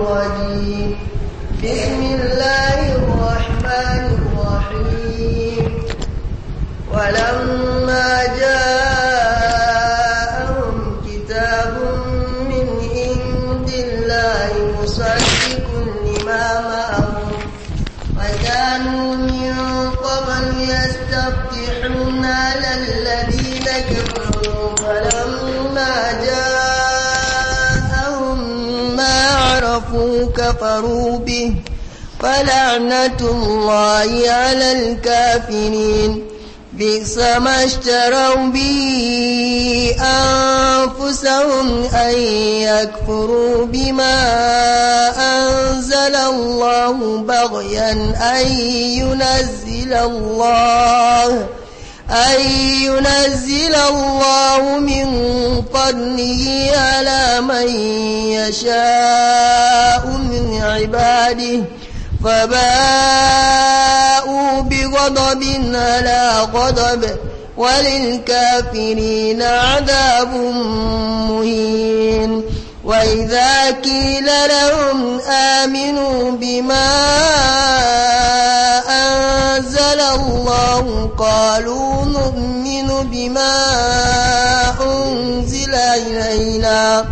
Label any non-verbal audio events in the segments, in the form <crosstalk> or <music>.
الرجيم بسم الله الرحمن الرحيم ولما كفروا به فلعنة الله على الكافرين بئس ما اشتروا به أنفسهم أن يكفروا بما أنزل الله بغيا أن ينزل الله أن ينزل الله من قرنه على من يشاء من عباده فباءوا بغضب على غضب وللكافرين عذاب مهين وإذا قيل لهم آمنوا بما الله قالوا نؤمن بما أنزل إلينا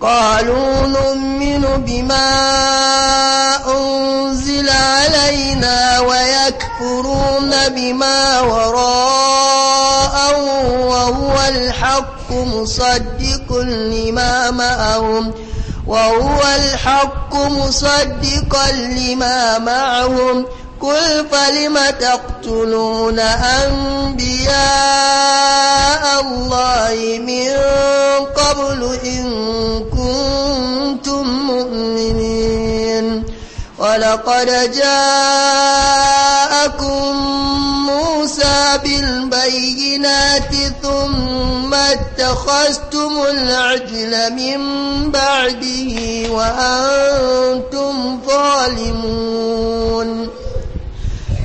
قالوا نؤمن بما أنزل علينا ويكفرون بما وراءه وهو الحق مصدق لما معهم وهو الحق مصدقا لما معهم قل فلم تقتلون أنبياء الله من قبل إن كنتم مؤمنين ولقد جاءكم موسى بالبينات ثم اتخذتم العجل من بعده وأنتم ظالمون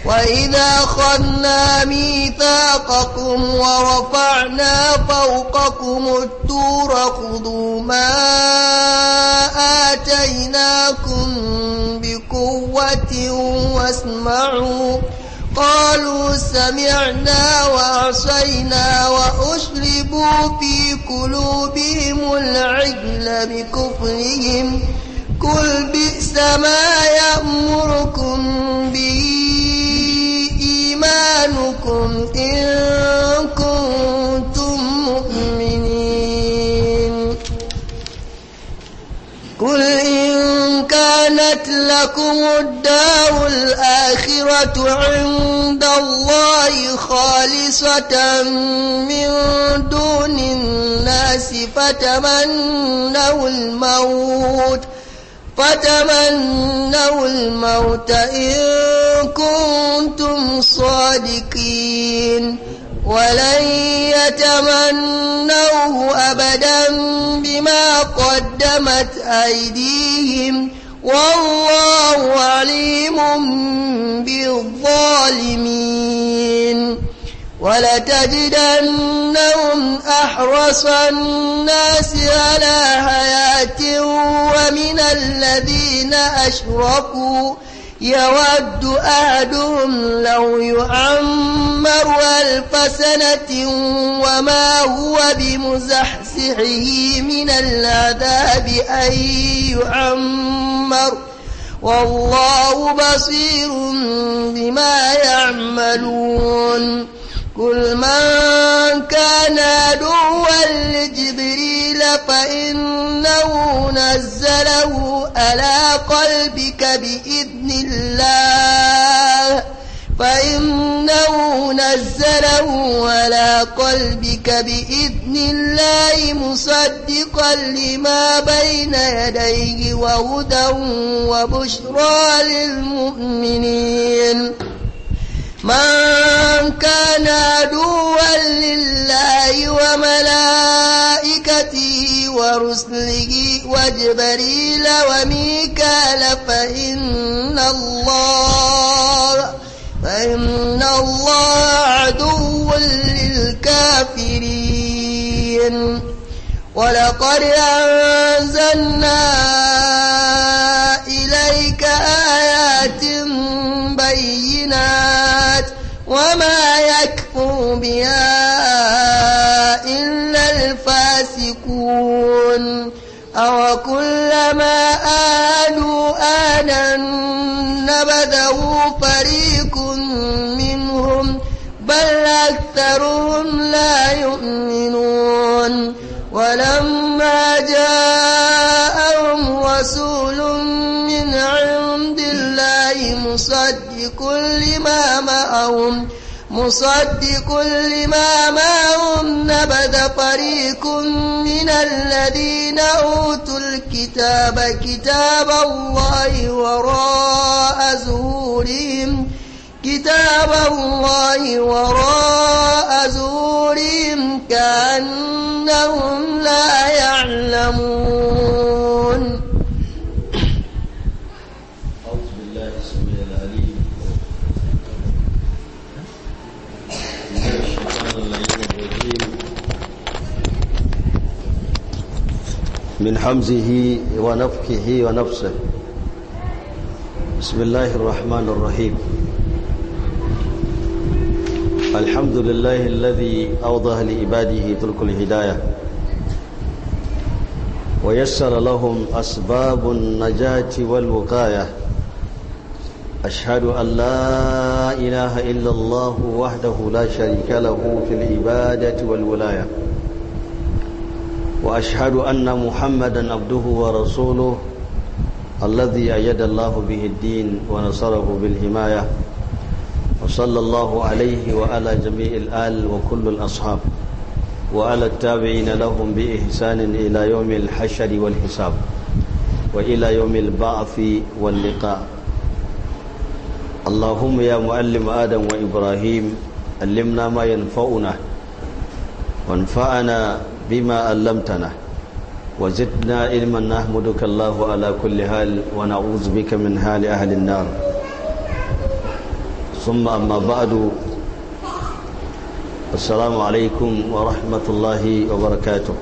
وإذا خذنا ميثاقكم ورفعنا فوقكم التور خذوا ما آتيناكم بقوة واسمعوا قالوا سمعنا وعصينا وأشربوا في قلوبهم العجل بكفرهم قُلْ بئس ما يأمركم به إيمانكم إن كنتم مؤمنين قل إن كانت لكم الدار الآخرة عند الله خالصة من دون الناس فتمنوا الموت ۖ فتمنوا الموت إن كنتم صادقين ولن يتمنوه أبدا بما قدمت أيديهم والله عليم بالظالمين ولتجدنهم أحرص الناس على حياة ومن الذين أشركوا يود أحدهم لو يعمر ألف سنة وما هو بمزحزحه من العذاب أن يعمر والله بصير بما يعملون قل من كان عدوا لجبريل فإنه نزله على قلبك بإذن الله فإنه نزله على قلبك بإذن الله مصدقا لما بين يديه وهدى وبشرى للمؤمنين من كان عدوا لله وملائكته ورسله وجبريل وميكال فإن الله فإن الله عدو للكافرين ولقد أنزلنا إليك آيات بينات وما يكفر بها إلا الفاسقون أو كلما آلوا آنا نبذه فريق منهم بل أكثرهم مصدق لما معهم نبذ فريق من الذين أوتوا الكتاب كتاب الله وراء زهورهم كتاب الله وراء زهورهم كأنهم لا يعلمون من حمزه ونفكه ونفسه بسم الله الرحمن الرحيم الحمد لله الذي أوضح لعباده تلك الهداية ويسر لهم أسباب النجاة والوقاية أشهد أن لا إله إلا الله وحده لا شريك له في العبادة والولاية وأشهد أن محمدا عبده ورسوله الذي أيد الله به الدين ونصره بالهماية وصلى الله عليه وعلى جميع الآل وكل الأصحاب وعلى التابعين لهم بإحسان إلى يوم الحشر والحساب وإلى يوم البعث واللقاء اللهم يا معلم آدم وإبراهيم علمنا ما ينفعنا وانفعنا بما علمتنا وزدنا علما نحمدك الله على كل حال ونعوذ بك من حال أهل النار ثم أما بعد السلام عليكم ورحمة الله وبركاته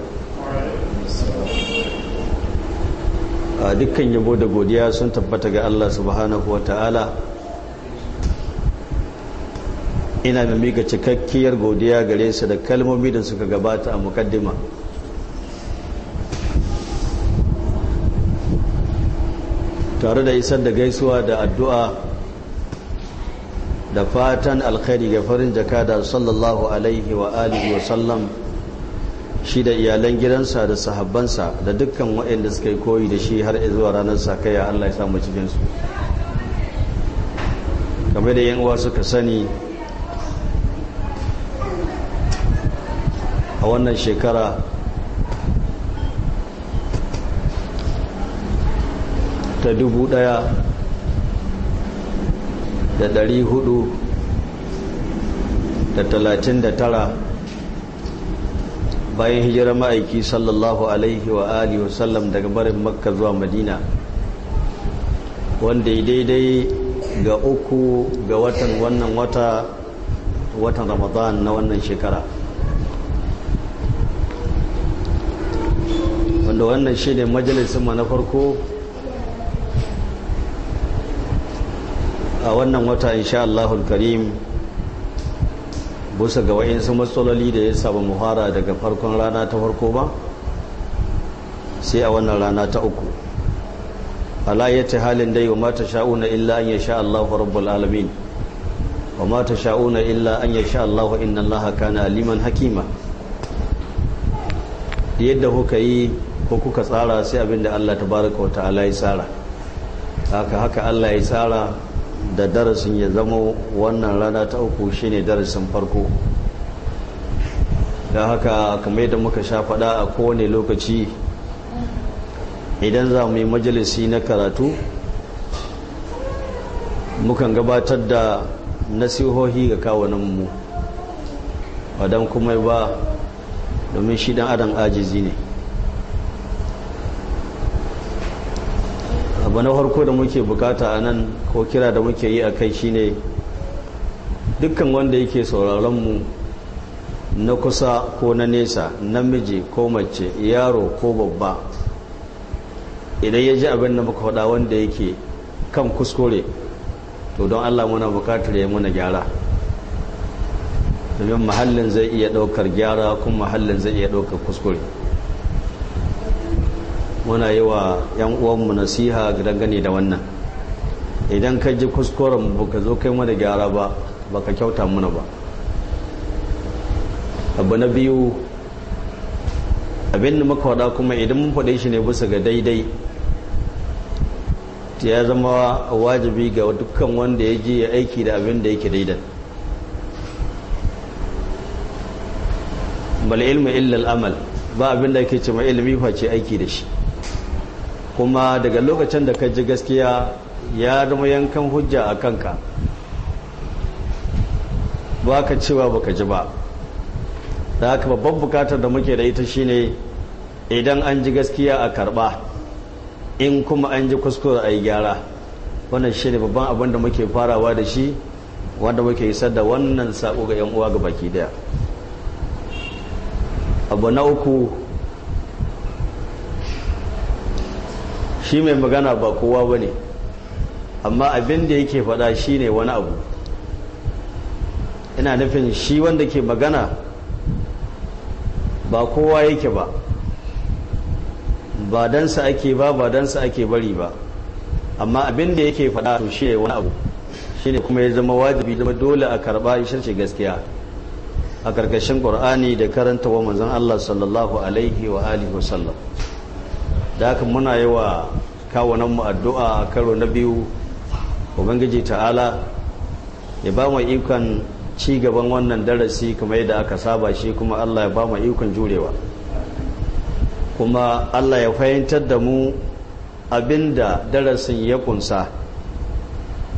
dukkan yabo da godiya sun tabbata ga Allah subhanahu wa ta'ala ina mai mika cikakkiyar godiya gare su da kalmomi da suka gabata a mukaddima tare da isar da gaisuwa da addu'a da fatan alkhairi ga farin jakada sallallahu alaihi wa alihi wa sallam shi da iyalan gidansa da sahabbansa da dukkan waɗanda suka yi koyi da shi har zuwa ranar sakaya Allah ya samu cikinsu game da yan uwa suka sani a wannan shekara ta dubu ɗaya da ɗari hudu da talatin da tara bayan hijirar ma'aiki sallallahu alaihi wa alihi wasallam daga barin makka zuwa madina wanda daidai ga uku ga watan wannan wata watan ramadan na wannan shekara wanda wannan shine majalisinmu na farko a wannan wata insha Allahul karim busa ga wa'insu matsaloli da ya saba muhara daga farkon rana ta farko ba sai a wannan rana ta uku alayyata halin dai wa mata sha'una illa an yasha Allahu rabbul alamin wa mata sha'una illa an yasha Allahu inna Allaha kana aliman hakima yadda kuka yi ko kuka tsara sai abin da Allah tabaraka wa ta'ala ya tsara haka haka Allah ya tsara da darasin ya zama wannan rana ta uku shine darasin farko da haka kamar yadda muka sha faɗa a kowane lokaci idan za mu yi majalisi na karatu mukan gabatar da nasihohi ga kawunan mu wadam kuma ba domin shi dan adam ajizi ne abu na farko da muke bukata a nan ko kira da muke yi a kai shine dukkan wanda yake sauraronmu na kusa ko na nesa namiji ko mace yaro ko babba idan ya ji abin da muka faɗa wanda yake kan kuskure to don allah muna bukatar ya muna gyara domin mahallin zai iya ɗaukar gyara kuma mahallin zai iya ɗaukar kuskure muna yi wa 'yan uwanmu nasiha dangane da wannan idan ka ji kuskuren baka zo kai mada gyara ba ka kyauta muna ba abu na biyu abin da muka faɗa kuma idan mun faɗe shi ne bisa ga daidai ya zama wajibi ga dukkan wanda ya je ya aiki da abin da yake daidai bal ilmi illa amal ba abin da yake ce ma ilimi face aiki da shi kuma daga lokacin da ka ji gaskiya ya zama yankan hujja a kanka ba ka cewa ba ka ji ba da haka babban bukatar da muke da ita shine idan an ji gaskiya a karba in kuma an ji kuskure a yi gyara wannan shi ne babban abin da muke farawa da shi wanda muke isar da wannan sako ga 'yan uwa ga baki daya abu na uku shi mai magana ba kowa ba ne amma abin da yake faɗa shi ne wani abu ina nufin shi wanda ke magana ba kowa yake ba ba dansa ake ba ba dansa ake bari ba amma abin da yake faɗa to shi ne wani abu shi ne kuma ya zama wajibi zama dole a karɓa ishar shirce gaskiya a ƙarƙashin ƙur'ani da karanta wa manzon Allah sallallahu alaihi wa alihi wa sallam da haka muna yi wa mu addu'a a karo na biyu ubangiji ta'ala ya ba mu ikon ci gaban wannan darasi kuma yadda aka saba shi kuma allah ya ba mu ikon jurewa kuma allah ya fahimtar da mu abinda darasin ya kunsa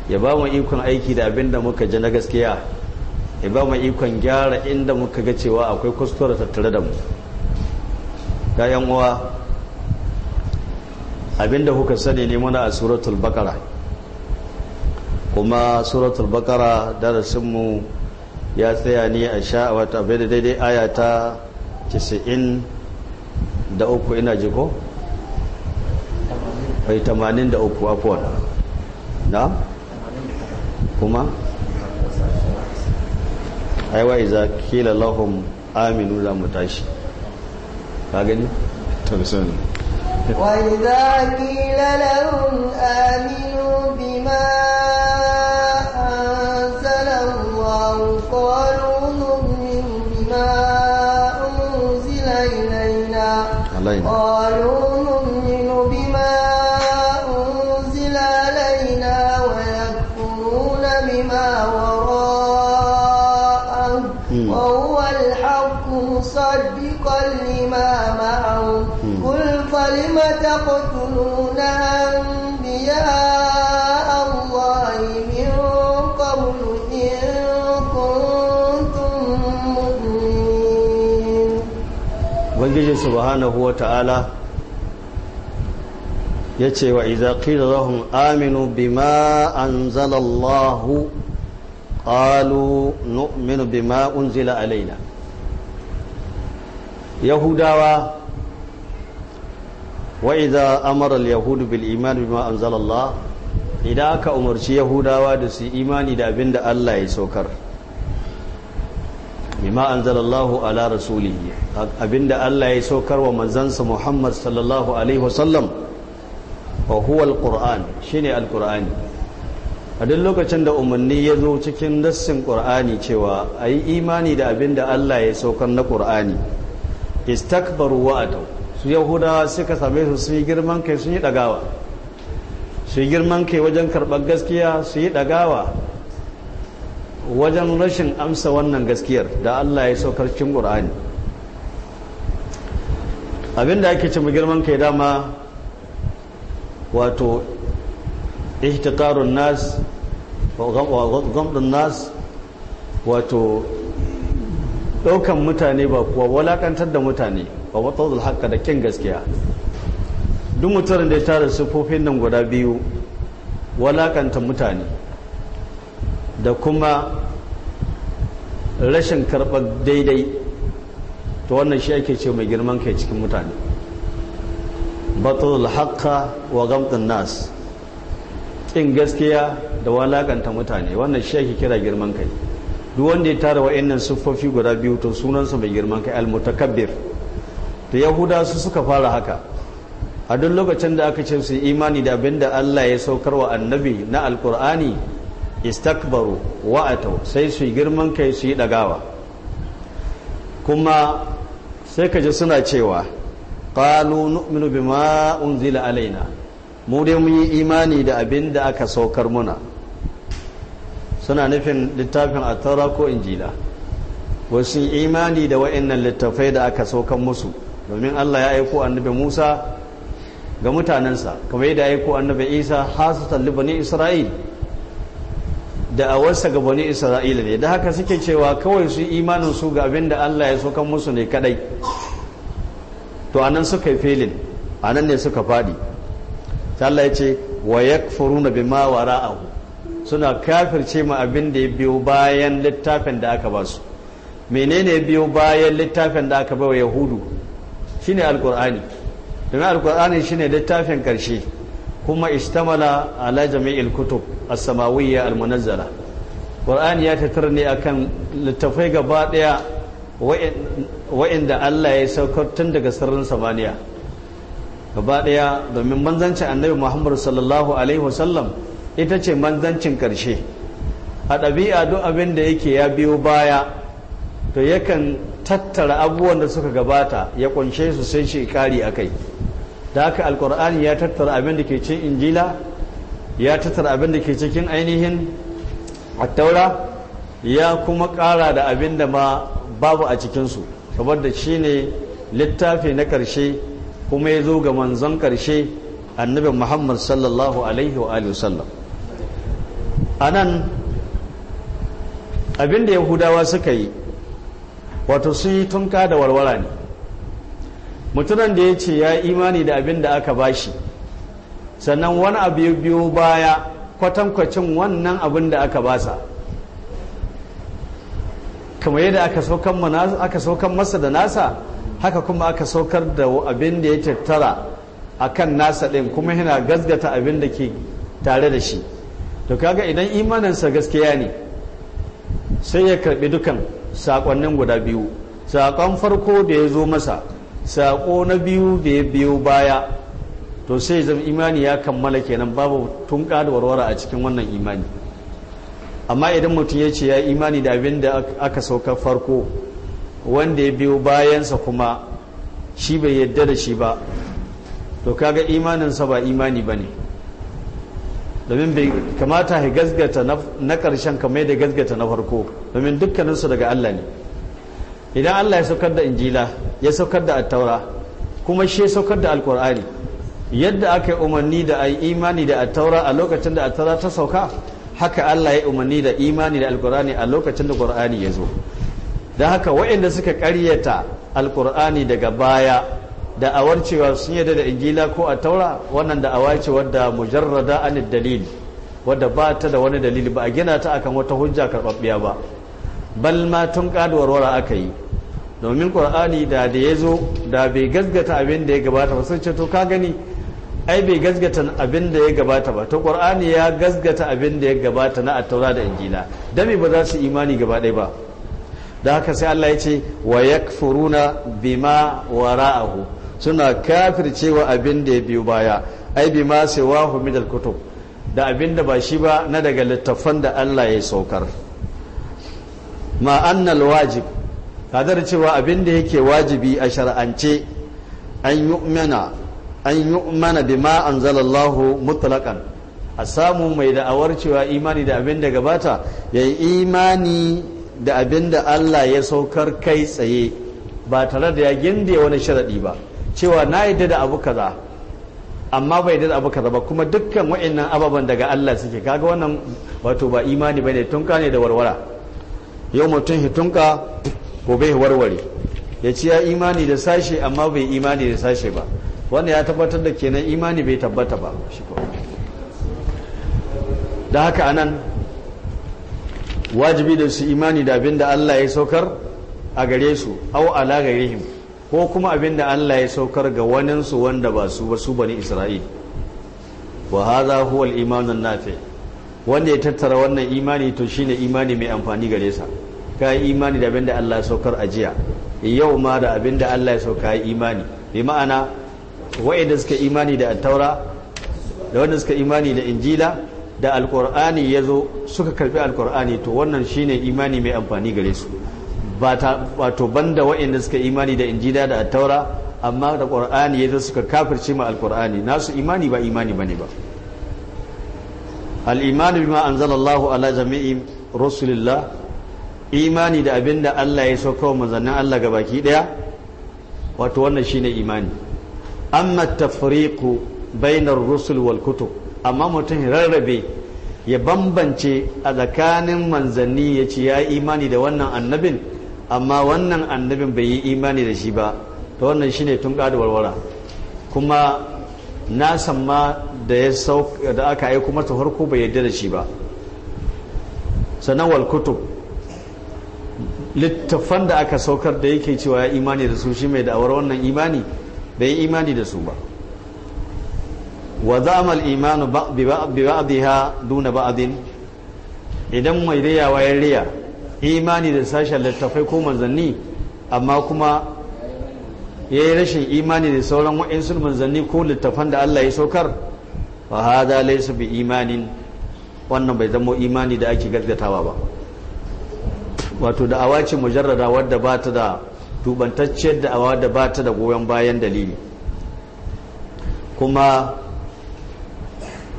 ya ba mu ikon aiki da abinda muka ji na gaskiya ya ba mu ikon gyara inda muka ga cewa akwai kuskure tattare da mu ga uwa abinda kuka sani ne muna a suratul bakara kuma suratul bakara darasinmu ya tsaya ne a sha wata abin da daidai aya ta 90 da uku ina jiko? 83 afuwan na? kuma? aiwa iza kila lahum aminu za mu tashi ka gani? tarisani وإذا قيل لهم آمنوا بما أنزل الله قالوا نؤمن بما أنزل إلينا قالوا نؤمن بما أنزل علينا ويكفرون بما وراءه وهو الحق مصدقا لما معه فلم تقتلون أنبياء الله من قبل إن كنتم مؤمنين وانجي سبحانه وتعالى yace wa idza qila lahum aminu bima anzala Allah qalu nu'minu bima unzila alaina yahudawa wa idza amara yahudu bil iman bima anzala Allah idan aka umarci yahudawa da su imani da abin da Allah ya saukar bima anzalallahu ala rasulihi abinda Allah ya saukar wa manzansa Muhammad sallallahu alaihi wasallam wa huwa alquran shine alqurani a duk lokacin da umarni ya zo cikin nassin qur'ani cewa ayi imani da abinda Allah ya saukar na qur'ani istakbaru wa ataw su yahudawa suka same su su yi girman kai sun yi dagawa su yi girman kai wajen karɓar gaskiya su yi dagawa wajen rashin amsa wannan gaskiyar da allah ya saukar cin ƙur'ani abinda ake mu girman kai dama wato ihtiqarun nas wa nas wato ɗaukan mutane ba kuwa walakantar da mutane wa batazul haka da kin gaskiya duk mutum da ya tara sufofin nan guda biyu walakanta mutane da kuma rashin karɓar daidai ta wannan shi ake ce mai girman kai cikin mutane batul haka wa gamtun nas ƙin gaskiya da walakanta mutane wannan shi ake kira girman kai duk wanda ya tara wa'annan siffofi guda biyu to sunansa mai girman kai al-mutakabbir to yahuda su suka fara haka a duk lokacin da aka ce su imani da abinda Allah ya saukar wa annabi na alkur'ani istakbaru wa'atau sai su girman kai su yi dagawa kuma sai ka ji suna cewa qalu nu'minu bima unzila alaina mu dai mun yi imani da abin da aka saukar muna suna nufin littafin atara ko injila wasu imani da wa'annan littafai da aka saukar musu domin Allah ya aiko annabi Musa ga mutanensa kamar yadda ya aiko annabi Isa hasatan talli bani Isra'il da awarsa ga bani isra'il ne da haka suke cewa kawai su imanin su ga abin da Allah ya sokan musu ne kadai to anan suka yi filin anan ne suka fadi Allah ya ce wa bi bima wara'ahu suna kafirce ma abin da ya biyo bayan littafin da aka ba su menene biyo bayan littafin da aka ba wa yahudu shine alkur'ani domin alkur'ani shine littafin karshe kuma istamala ala jami'il kutub as-samawiyya al-munazzala qur'ani ya tatar ne akan littafai gaba daya wa'inda Allah ya saukar tun daga sirrin samaniya gaba daya domin manzancin annabi Muhammad sallallahu alaihi wasallam ita ce manzancin karshe a ɗabi'a duk abin da yake ya biyo baya to yakan tattara abubuwan da suka gabata ya kunshe su sai shi a kai da haka alkur'ani ya tattara abin da ke cin injila ya tattara abin da ke cikin ainihin attaura ya kuma kara da abin da ma babu a cikinsu saboda shi ne littafi na karshe kuma ya zo ga manzon ƙarshe annabin muhammad sallallahu alaihi wa sallam a nan abin da yahudawa suka yi wato sun yi tunka da warwara ne mutumin da ya ce ya imani da abin da aka bashi sannan wani abu ya biyo baya kwatankwacin wannan abin da aka basa kamar yadda aka saukan masa da nasa haka kuma aka saukar da abin da ya tattara a kan nasa ɗin kuma yana gasgata abin da ke tare da shi to kaga idan imaninsa gaskiya ne sai ya karɓi dukan saƙonnin guda biyu saƙon farko da ya zo masa saƙo na biyu da ya biyo baya to sai zama imani ya kammala kenan babu tun da warware a cikin wannan imani amma idan mutum ya ce ya imani da abin da aka saukar farko wanda ya biyo bayansa kuma shi bai yadda da shi ba to kaga imaninsa ba imani ba ne domin bai kamata ya gasgata na ƙarshen kamar da gasgata na farko domin dukkaninsu daga Allah ne idan Allah ya saukar da injila ya saukar da attaura kuma shi ya saukar da alkur'ani yadda aka yi umarni da a imani da attaura a lokacin da attaura ta sauka haka Allah ya yi umarni da imani da alkur'ani a lokacin da qur'ani ya zo da haka waɗanda suka karyata alkur'ani daga baya da'awar cewa sun yarda da ingila ko a taura wannan da'awa ce wadda mujarrada an dalil wadda ba ta da wani dalili ba a gina ta akan wata hujja karɓaɓɓiya ba bal ma tun kaduwarwara aka yi domin ƙur'ani da da ya zo da bai gazgata abin da ya gabata ba sun ce to ka gani ai bai gazgata abin da ya gabata ba to ƙur'ani ya gazgata abin da ya gabata na attaura da injila Dab'i ba za su imani gaba ɗaya ba da haka sai Allah ya ce wa yakfuruna bima wara'ahu suna kafircewa abin da ya biyo baya ai bi ma sai min midal kutub da abin da ba shi ba na daga littafan da Allah ya saukar ma annal wajib kadar cewa abin da yake wajibi a shar'ance an yu'mana an yu'mana bima anzalallahu mutlaqan a samu mai da'awar cewa imani da abin da gabata yayi imani da abin da Allah ya saukar kai tsaye ba tare da ya ginde wani sharadi ba cewa na yadda da abu kaza amma bai da abu kaza ba kuma dukkan wa'annan ababen daga Allah suke kaga wannan wato ba imani bane tunka ne da warwara yau mutum tunka ko bai warware ya ci ya imani da sashe amma bai imani da sashe ba wannan ya tabbatar da kenan imani bai tabbata ba da haka anan wajibi da su imani da abin da Allah ya saukar a gare su au ala gairihim ko kuma abin da Allah ya saukar ga waninsu wanda ba su ba su bani Isra'il wa za huwa al nafe. nafi wanda ya tattara wannan imani to shine imani mai amfani gare sa ka yi imani da abin da Allah ya saukar a jiya yau ma da abin da Allah ya sauka yi imani bi ma'ana wa'inda suka imani da attaura da wanda suka imani da injila da alqur'ani yazo suka karbi alqur'ani to wannan shine imani mai amfani gare su ba wato banda waɗanda suka imani da injila da attaura amma da qur'ani yazo suka kafirce ma alqur'ani nasu imani ba imani bane ba al-iman bima anzalallahu ala jami'in rasulillah imani da da Allah ya sauka wa manzannin Allah baki ɗaya wato wannan ne imani amma Tafriku bainar rusul wal kutub amma mutum rarrabe ya bambance a tsakanin manzanni ya ce ya imani da wannan annabin amma wannan annabin bai yi imani da shi ba ta wannan shine tun ƙadu warwara kuma na samma da ya da aka kuma ta farko bai yarda da shi ba sannan kutub littafan da aka saukar da yake cewa ya imani da su shi mai da'awar wannan imani bai imani da su ba wa zama imanu bi ba'adiha duna ba'adin idan mai riyawa ya riya imani da sashen littafai ko manzanni amma kuma ya yi rashin imani da sauran wa'insu manzanni ko littafan da Allah ya saukar fa hada laysa bi imanin wannan bai zama imani da ake gaggatawa ba wato da awace mujarrada wadda ba ta da tubantacciyar da awa da ba ta da goyon bayan dalili kuma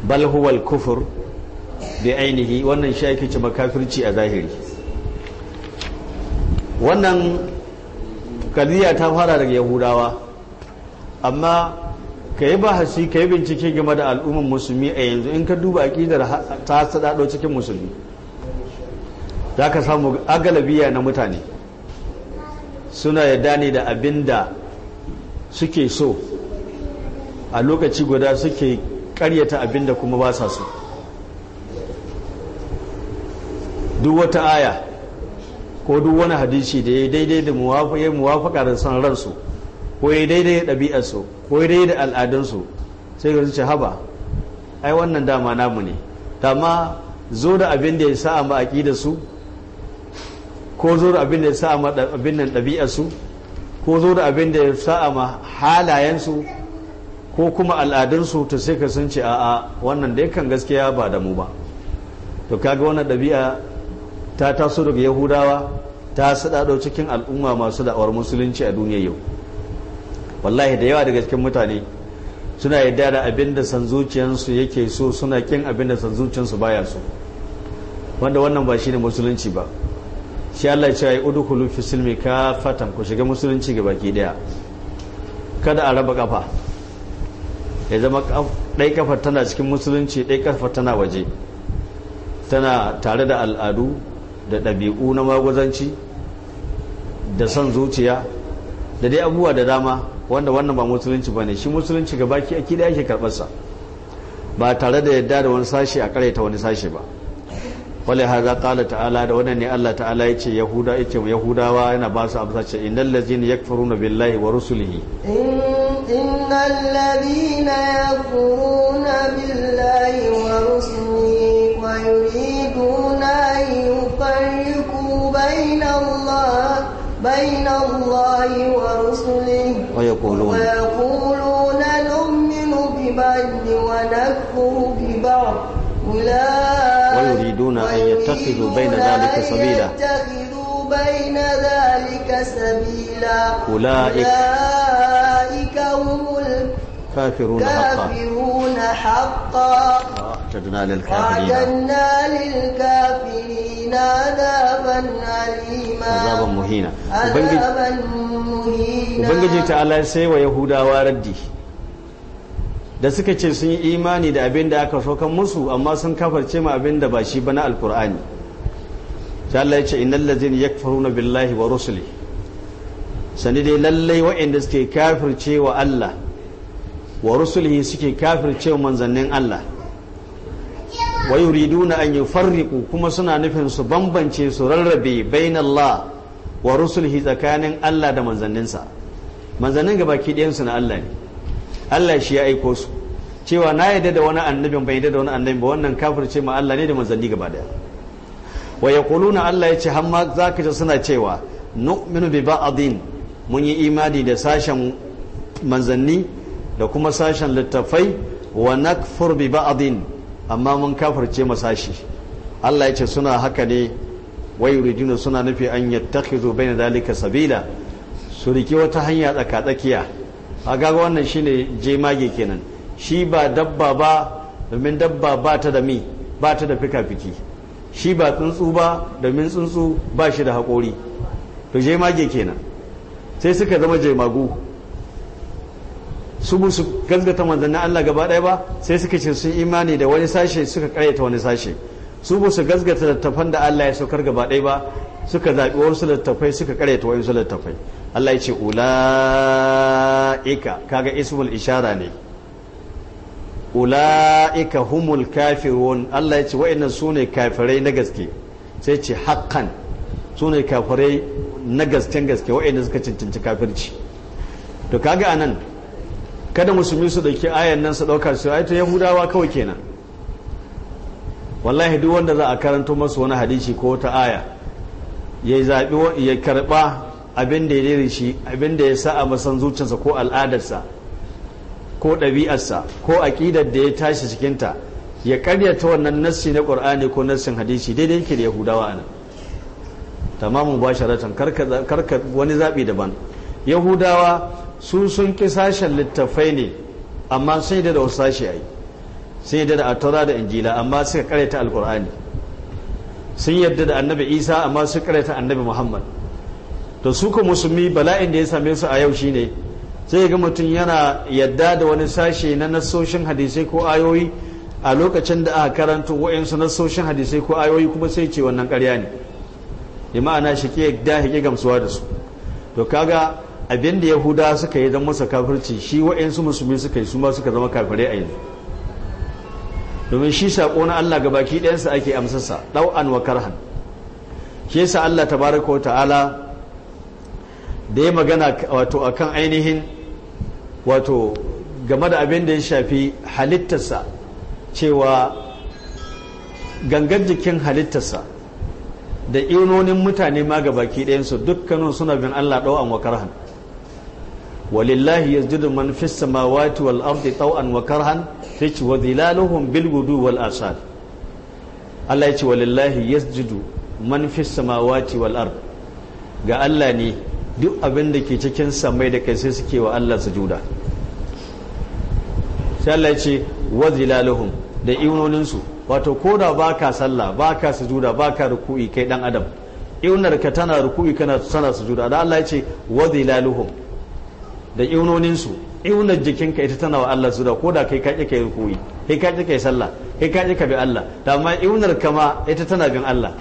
balhuwal kufur bi ainihi wannan shi ake ce makafirci a zahiri wannan kadiya ta fara daga yahudawa amma ka yi bahasi ka yi bincike game da al'ummar musulmi a yanzu in ka duba aƙidar ta sadado cikin musulmi za ka samu agalabiya na mutane suna yarda ne da abin da suke so a lokaci guda suke karyata abin da kuma ba sa so duk wata aya ko duk wani hadisi da ya daidai da ya muwafaka da san ransu ko ya daidai da ɗabi'arsu ko ya daidai da al'adunsu sai ga ce haba ai wannan dama namu ne ma zo da abin da ya sa ma da su ko zo da abin da ya sa ma abin nan ɗabi'arsu ko zo da abin da ya sa ma halayensu ko kuma al'adunsu ta sai ka sun ce a'a wannan da yakan gaskiya ba da mu ba to kaga wannan ɗabi'a ta taso daga yahudawa ta sadado cikin al'umma masu da'awar musulunci a duniya yau wallahi da yawa daga cikin mutane suna yadda da abin da san zuciyarsu yake so suna kin abin da san baya so wanda wannan ba shine musulunci ba shi Allah ya ce udu udkhulu fi silmi kafatan ku shiga musulunci ga baki daya kada a raba kafa ya zama ɗai kafar tana cikin musulunci ɗai kafar tana waje tana tare da al'adu da ɗabi'u na magwazanci da son zuciya da dai abubuwa da dama wanda wannan ba musulunci ba ne shi musulunci ga baki a kida yake karɓarsa ba tare da yadda da wani sashe a ta wani sashe ba wale za kala ta'ala da wannan ne Allah ta'ala ya ce yahuda ya ce yahudawa yana ba su amsa ne ya ladzina na billahi wa rusulihi ya ladzina na billahi wa ويقولون ويقولون نؤمن ببعض ونكفر ببعض أولئك ويريدون أن يتخذوا بين ذلك سبيلا يتخذوا بين ذلك سبيلا أولئك أولئك هم الكافرون حقا كافرون حقا وأعتدنا للكافرين وأعتدنا للكافرين azaban muhina ubangiji ta مهينا sai wa yahudawa raddi da suka ce sun yi imani da abin da aka sokan musu amma sun kafarce ma abin da ba shi ba na alkur'ani sai Allah ya ce innal ladzina billahi wa rusuli sani dai lallai waɗanda suke kafirce wa Allah wa rusulihi suke kafirce wa manzannin Allah wa yuriduna an yufarriqu kuma suna nufin su bambance su rarrabe bainallah wa rusulhi tsakanin Allah da manzanninsa manzannin ga baki ɗayansu na Allah ne Allah shi ya aiko su cewa na yadda da wani annabi bai yadda da wani annabi ba wannan ce ma Allah ne da manzanni gaba daya wa yaquluna Allah ya ce hamma zaka ji suna cewa nu'minu bi ba'din mun yi imani da sashen manzanni da kuma sashen littafai wa nakfur bi ba'din amma mun kafarce masashi Allah ya ce suna haka ne wai yuriduna suna nufi an yattakhidhu bayna dalika sabila su riki wata hanya tsaka tsakiya a gaga wannan shine jemage kenan shi ba dabba ba domin dabba ba ta da mi ba ta da fikafiki shi ba tsuntsu ba domin tsuntsu ba shi da haƙori to jemage kenan sai suka zama jemagu su bu su gazgata manzannin Allah gaba ɗaya ba sai suka ce sun imani da wani sashe suka karyata wani sashe su bu su da littafan da Allah ya saukar gaba ɗaya ba suka zaɓi wasu littafai suka karyata su littafai Allah ya ce ula'ika kaga ismul ishara ne ula'ika humul kafirun Allah ya ce wa'annan su kafirai na gaske sai ce haƙƙan su kafirai na gasken gaske wa'anda suka cancanci kafirci to kaga anan kada musulmi su dauki ayan nan su dauka su ai yahudawa kawai kenan wallahi duk wanda za a karanto masu wani hadisi ko wata aya ya zaɓi ya karba abin da ya dare shi abin da ya sa a masan zuciyarsa ko al'adarsa ko ɗabi'arsa ko aƙidar da ya tashi cikinta ya karyata wannan nassi na ƙur'ani ko nassin hadisi daidai yake da yahudawa anan tamamu ba sharatan karka wani zaɓi daban yahudawa su sun ƙi sashen littafai ne amma sun yi da wasu sashi yi sun yi da attaura da injila amma suka karaita alkur'ani sun yadda da annabi isa amma su karaita annabi muhammad to su ka musulmi bala'in da ya same su a yau shine sai ga mutum yana yadda da wani sashe na nasoshin hadisai ko ayoyi a lokacin da aka karanto wa'insu nasoshin hadisai ko ayoyi kuma sai ce wannan karya ne bi ma'ana shi ke da gamsuwa da su to kaga abinda yahuda suka yi don masa kafirci shi wa'yansu musulmi suka yi su ma suka zama kafirai a yanzu domin shi saƙo na Allah ga baki ɗayansa ake amsarsa ɗau'an wa karhan shi sa Allah ta wa ta'ala da ya magana wato akan ainihin wato game da abin da ya shafi halittarsa cewa gangar jikin halittarsa da inonin mutane ma ga baki ɗayansu dukkanin suna bin Allah ɗau'an wa karhan walillahi yasjudu man fis samawati wal ardi taw'an wa karhan fich wa dhilaluhum bil gudu wal asal Allah ya ce walillahi yasjudu man fis samawati wal ard ga Allah ne duk abin da ke cikin samai da kai sai suke wa Allah sujuda sai Allah ya ce wa zilaluhum da iunoninsu wato ko da baka sallah baka sujuda baka ruku'i kai dan adam iunar tana ruku'i kana tana sujuda da Allah ya ce wa zilaluhum da iunoninsu iunar jikinka ita tana wa Allah su da ko da kai ka ƙi kai koyi ka yi sallah kai ka ka bi Allah da amma iunar kama ita tana bin Allah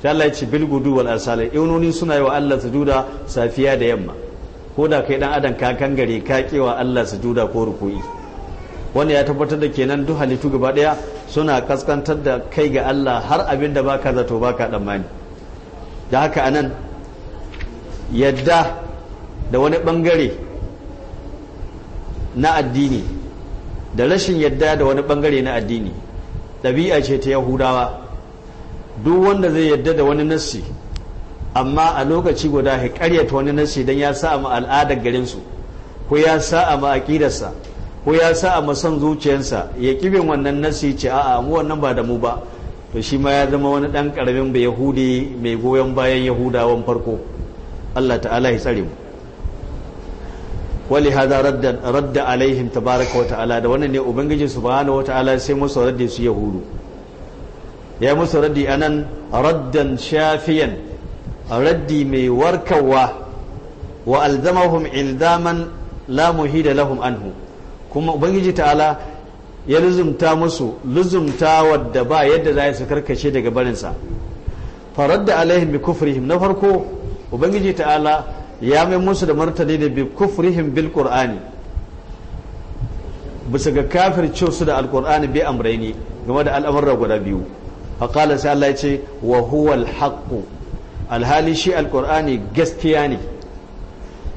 sai Allah ya ce bil gudu wal iunonin suna yi wa Allah su sujuda safiya da yamma ko da kai dan adam ka kangare ka wa Allah su sujuda ko ruku'i wanda ya tabbatar da kenan duk halittu gaba ɗaya suna kaskantar da kai ga Allah har abin da baka zato baka tsammani da haka anan yadda da wani bangare na addini da rashin yadda da wani bangare na addini ɗabi'a ce ta yahudawa duk wanda zai yadda da wani nassi amma a lokaci guda ya karyata wani nassi don ya sa ma al'adar garinsu ko ya sa ma aƙidarsa ko ya sa ma son zuciyarsa ya kibin wannan nassi ce a'a mu wannan ba da mu ba to shi ma ya zama wani ɗan ƙaramin ba yahudi mai goyon bayan yahudawan farko allah ta'ala ya tsare mu wali hada radda alaihim tabaraka wa ta'ala da wannan ne ubangiji subhanahu wa ta'ala sai musu raddi su yahudu ya musu raddi anan raddan shafiyan raddi mai warkarwa wa alzamahum ilzaman la muhida lahum anhu kuma ubangiji ta'ala ya luzumta musu luzumta wadda ba yadda za su karkace daga barinsa faradda alaihim bi kufrihim na farko ubangiji ta'ala ya mai musu da martani da bi kufrihim bil qur'ani bisa ga kafirce su da alqur'ani bi amrayni game da al'amuran guda biyu fa qala sai Allah ya ce wa huwa al alhali shi alqur'ani gaskiya ne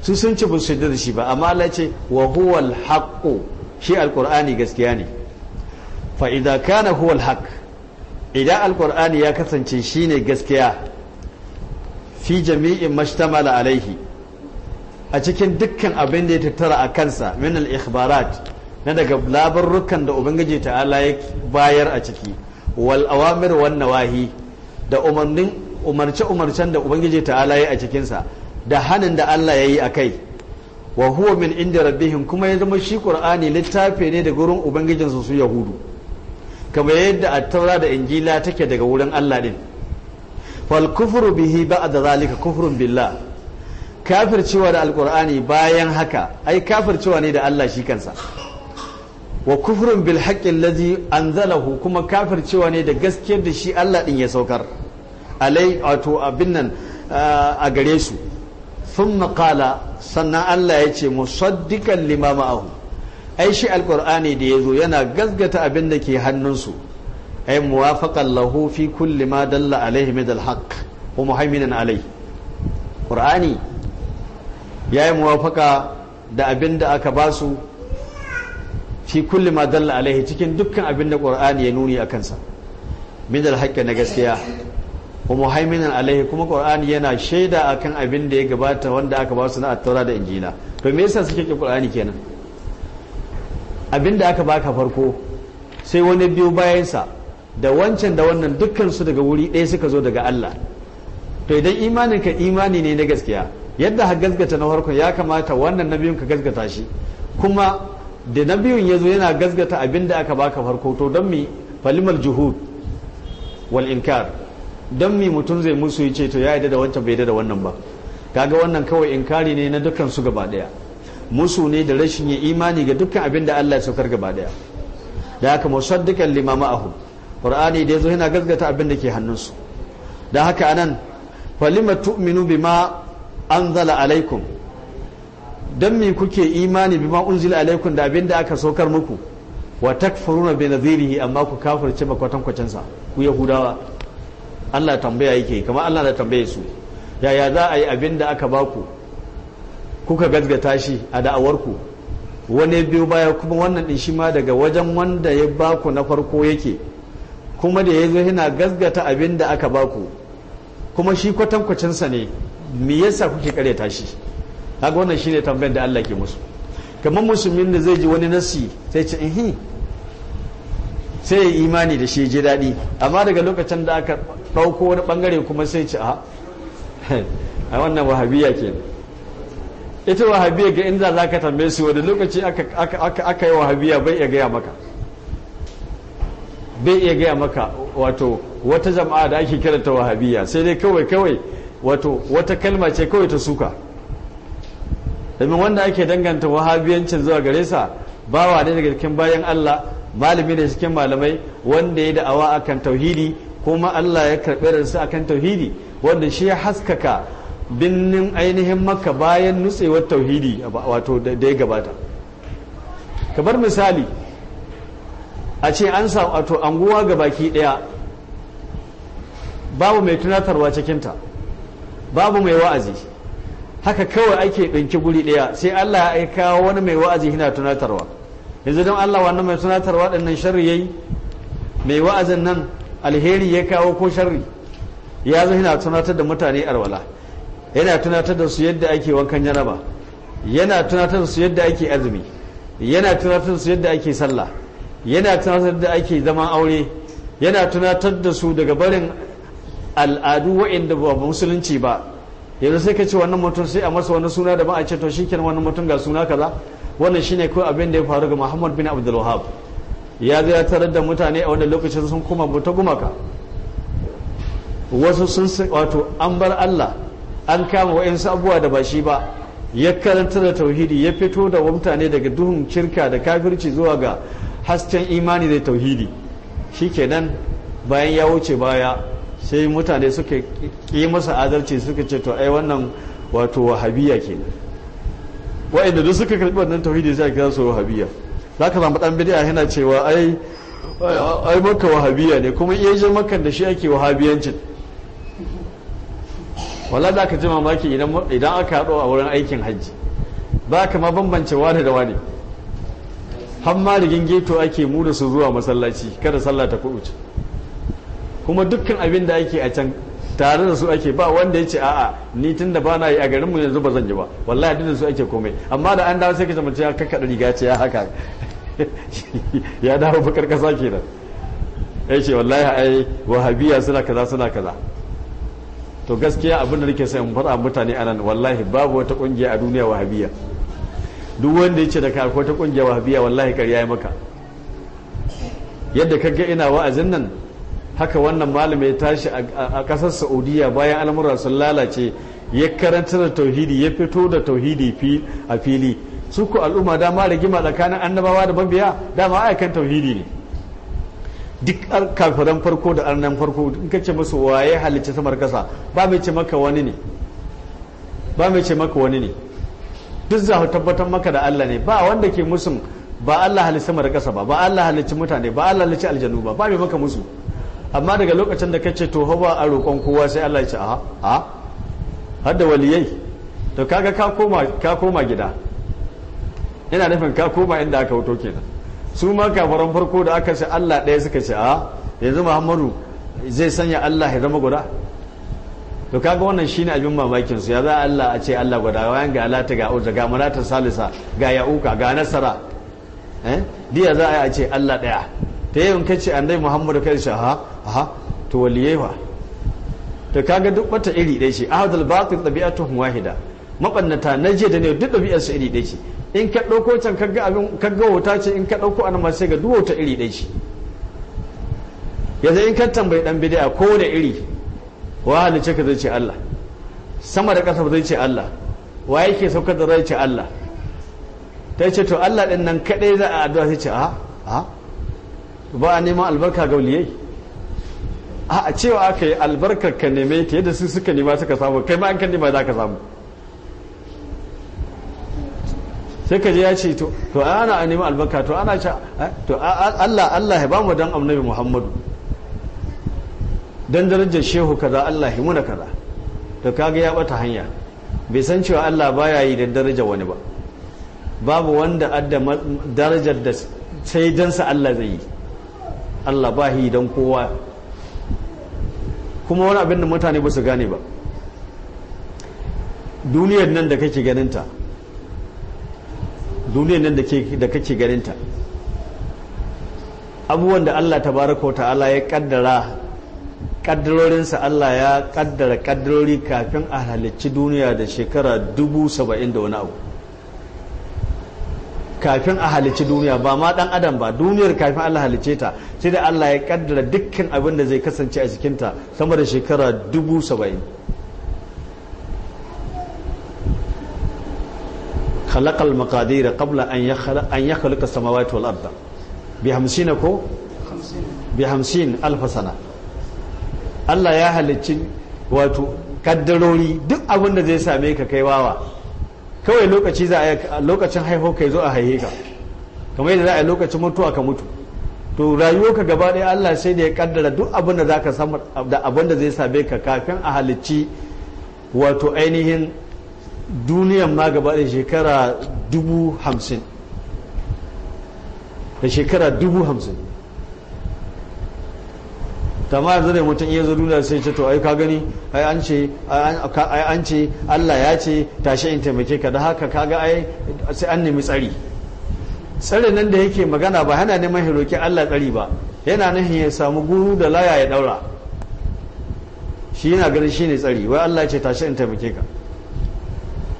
su sun ci ba da shi ba amma Allah ya ce wa huwa al shi alqur'ani gaskiya ne fa idza kana huwa al idan alqur'ani ya kasance shine gaskiya fi jami'in mashtamala alaihi a cikin dukkan abin da ya tattara a kansa min al na daga labarrukan da ubangiji ta'ala ya bayar a ciki wal awamir wan nawahi da umarnin umarce umarcen da ubangiji ta'ala ya a cikinsa da hanin da Allah ya yi a kai. wa huwa min inda rabbihim kuma ya zama shi qur'ani littafi ne da gurin ubangijin su yahudu kamar yadda attaura taura da injila take daga wurin Allah din kufru bihi ba'da zalika kufrun billah kafircewa da alkur'ani bayan haka ai kafircewa ne da Allah shi kansa wa kufrun bil haqqil ladzi anzalahu kuma kafircewa ne da gaskiyar da shi Allah din ya saukar alai wato abin nan a gare su thumma qala sannan Allah ya ce musaddiqan lima ma'ahu ai shi alkur'ani da yazo yana gaskata abin da ke su. ai muwafaqan lahu fi kulli ma dalla alaihi min al haqq wa muhaiminan alaihi qur'ani ya yi muwafaka da abin da aka ba su fi kulli ma dalla alaihi cikin dukkan abin da qur'ani ya nuni a kansa min alhaƙi na gaskiya wa muhaimin alaihi kuma qur'ani yana shaida akan abin da ya gabata wanda aka ba su na attaura da injila to me yasa suke ki kenan abin da aka baka farko sai wani biyu bayansa da wancan da wannan dukkan su daga wuri ɗaya suka zo daga Allah to idan imaninka imani ne na gaskiya yadda ka gasgata na farkon ya kamata wannan na biyun ka gasgata shi kuma da na biyun ya zo yana gasgata abin da aka baka farko to don mi falimar juhud wal inkar don mi mutum zai musu ya ce to ya yi da wancan bai da wannan ba kaga wannan kawai inkari ne na dukkan su gaba daya musu ne da rashin ya imani ga dukkan abin da Allah ya saukar gaba daya da haka musaddiqan lima ma'ahu qur'ani da yazo yana gasgata abin da ke hannunsu da haka anan falima tu'minu bima anzala alaikum dan me kuke imani bima unzila alaikum da abin da aka saukar muku wa takfuruna bi nadhirihi amma ku kafirce makwatan kwacensa ku yahudawa Allah tambaya yake kamar Allah na tambaye su yaya za a yi abin da aka baku kuka gazgata shi a da'awarku wani biyu baya kuma wannan din shi ma daga wajen wanda ya baku na farko yake kuma da ya zo yana gazgata abin da aka baku kuma shi kwatankwacinsa ne me yasa kuke karyata shi kaga wannan shine tambayar da Allah ke musu kamar musulmin da zai ji wani nasi sai ce ehi sai ya imani da shi ji daɗi amma daga lokacin da aka ɗauko wani ɓangare kuma sai ce a a <laughs> wannan wahabiya ke ita wahabiya ga inda za ka tambaye su wani lokaci aka yi wahabiya bai iya gaya maka bai iya gaya maka wato wata jama'a da ake kiranta wahabiya sai dai kawai kawai wato wata kalma ce kawai ta suka domin wanda ake danganta wahabiyancin zuwa gare sa bawa ne daga cikin bayan Allah malami ne cikin malamai wanda ya da'awa akan tauhidi kuma Allah ya karɓi ransa akan tauhidi wanda shi ya haskaka binnin ainihin maka bayan nutsewar tauhidi wato da ya gabata kamar misali a ce an sa wato anguwa ga baki ɗaya babu mai tunatarwa cikinta babu mai wa'azi haka kawai ake ɗinki guri ɗaya sai Allah ya kawo wani mai wa'azi yana tunatarwa yanzu don Allah wannan mai tunatarwa ɗin nan sharri yayi mai wa'azin nan alheri ya kawo ko sharri ya zo yana tunatar da mutane arwala yana tunatar da su yadda ake wankan janaba yana tunatar da su yadda ake azumi yana tunatar da su yadda ake sallah yana tunatar da ake zaman aure yana tunatar da su daga barin al'adu waɗanda ba musulunci ba yanzu sai ka ce wannan mutum sai a masa wani suna daban a ce to shikenan wannan mutum ga suna kaza wannan shine ko abin da ya faru ga Muhammad bin Abdul Wahhab ya zo ya tarar da mutane a wannan lokacin sun koma buta gumaka wasu sun wato an bar Allah an kama wa'insu abuwa da ba shi ba ya karanta da tauhidi ya fito da mutane daga duhun kirka da kafirci zuwa ga hasken imani da tauhidi shikenan bayan ya wuce baya sai mutane suka ƙi masa adalci suka ce to ai wannan wato wahabiya kenan wa'inda duk suka karbi wannan tauhidi sai kira su wahabiya zaka zama dan bid'a yana cewa ai ai maka wahabiya ne kuma iya je maka da shi ake wahabiyancin wala da aka ji mamaki idan aka haɗo a wurin aikin hajji ba ka ma bambance wani da wani har ma rigin geto ake mu da su zuwa masallaci kada sallah ta kuɗuce kuma dukkan abin da ake a can tare da su ake ba wanda ya ce a'a ni tun da bana yi a garinmu yanzu ba zan yi ba wallahi duk da su ake komai amma da an dawo sai ka zama ya kakkaɗa riga ce ya haka <laughs> ya dawo bakar kasa kenan ai ce wallahi ai wahabiya suna kaza suna kaza to gaskiya abin da nake sai in faɗa mutane anan wallahi babu wata kungiya a duniya wahabiya duk wanda ya ce da ka akwai wata kungiya wahabiya wallahi ƙarya ya maka yadda ga ina wa'azin nan haka wannan malami ya tashi a ƙasar saudiya bayan al'amura sun lalace ya karanta da tauhidi ya fito da tauhidi a fili su ku al'umma dama rigima tsakanin annabawa da mabiya dama aikan tauhidi ne duk kafiran farko da arnan farko in ka ce musu waye halicci samar kasa ba mai ce maka wani ne ba mai ce maka wani ne duk za tabbatar maka da Allah ne ba wanda ke musu ba Allah halicci samar kasa ba ba Allah halicci mutane ba Allah halicci aljanu ba ba mai maka musu amma daga lokacin da kace to hawa a roƙon kowa sai Allah ya ce a a da waliyai to kaga ka koma ka koma gida ina nufin ka koma inda aka hoto kenan su ma kafaran farko da aka ce Allah ɗaya suka ce a yanzu Muhammadu zai sanya Allah ya zama guda to kaga wannan shine abin mamakin su ya za Allah a ce Allah guda wayan ga Alata ga uza ga Manata Salisa ga Ya'uka ga Nasara eh diya za a ce Allah ɗaya ta yi in ka ce annai muhammadu kai shi ha ha to waliyewa to kaga duk wata iri ɗaya ce ahadul batil tuhun wahida mabannata na je da ne duk ɗabi'ar su iri ɗaya ce in ka ɗauko can kaga abin kaga wuta ce in ka ɗauko an ma sai ga duk wata iri ɗaya ce yanzu in ka tambayi dan bid'a ko da iri wa ce ka zai ce Allah sama da ƙasa zai ce Allah wa yake saukar da zai ce Allah ta ce to Allah ɗin nan kaɗai za a addu'a sai ce a a ba a neman albarka ga wuliyai a cewa aka yi albarkar ka neme ta yadda su suka nema suka samu kai ma an kan nema za ka samu sai ka je ya ce to ana a neman albarka to ana ce to Allah Allah ya ba mu dan annabi Muhammadu dan darajar shehu kaza Allah ya muna kaza to kaga ya bata hanya bai san cewa Allah baya yi da darajar wani ba babu wanda adda darajar da sai dan sa Allah zai yi Allah ba shi don kowa kuma wani abin da mutane ba su gane ba duniyar nan da kake ganinta duniyar nan da kake ganinta abubuwan da Allah ta baraka wa ta'ala ya kaddara kaddarorinsa Allah ya kaddara kaddarori kafin a halicci duniya da shekara dubu saba'in da wani abu kafin a halicci duniya ba ma dan adam ba duniyar kafin Allah halicce ta sai da Allah ya kaddara dukkan abin da zai kasance a cikinta sama da shekara dubu saba'in خلق المقادير قبل أن يخلق, أن يخلق السماوات والأرض بخمسين كو بخمسين ألف سنة allah ya halicci wato kaddarori duk abin da zai same ka kai wawa kawai lokaci za a lokacin haihu kai zo a haihe ka kamar yadda za a yi lokacin mutuwa ka mutu to rayuwarka gaba ɗaya Allah sai da ya kaddara duk abin da zaka samu da abin da zai same ka kafin a halicci wato ainihin duniyan ma gaba ɗaya shekara dubu hamsin da shekara dubu hamsin kama yanzu da mutum iya zo duniya sai ce to ai ka gani ai an ce Allah ya ce tashi in taimake ka da haka kaga ai sai an nemi tsari tsare nan da yake magana ba yana neman hiroki Allah tsari ba yana nufin ya samu guru da laya ya daura shi yana ganin ne tsari wai Allah ya ce tashi in taimake ka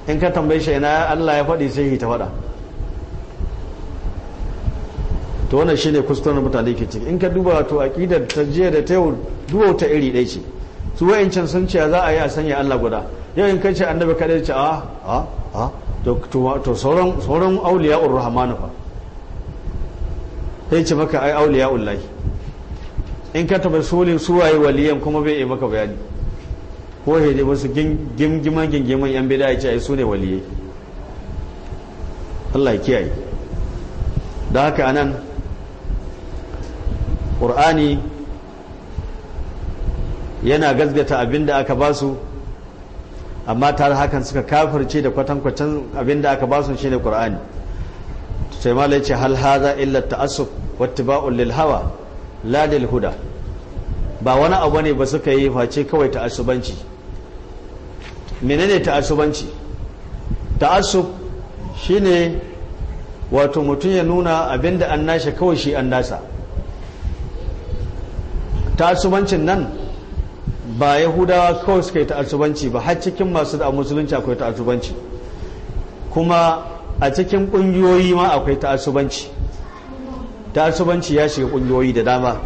in ka tambaye shi ina Allah ya faɗi sai ta faɗa to wannan shine kuskuren mutane ke ciki in ka duba to aqidar ta jiya da ta yau duwau ta iri ɗaya ce su wayancan sun ce za a yi a sanya Allah guda yau in kace annabi kada ce a a a to to sauran sauran auliya'ur rahmanu fa sai ce maka ai ullahi in ka taba solin suwaye waliyan kuma bai yi maka bayani ko ne wasu gimgiman gingiman yan bida ya ce ai su ne waliyai Allah ya kiyaye da haka anan ƙur'ani yana gazgata abin da aka basu amma tare hakan suka kafirce da kwatankwacin abin da aka basu shi ne ƙur'ani sai ma ce hal haza illa ta'assub wattiba'un lil hawa la lil huda ba wani abu ne ba suka yi face kawai ta'assubanci menene ta'assubanci ta'assub shine wato mutum ya nuna abinda an nashe kawai shi an nasa ta'asubancin nan ba yahudawa kawai suka yi ta'asubanci ba har cikin masu da musulunci akwai ta'asubanci kuma a cikin ƙungiyoyi ma akwai ta'asubanci ta'asubanci ya shiga ƙungiyoyi da dama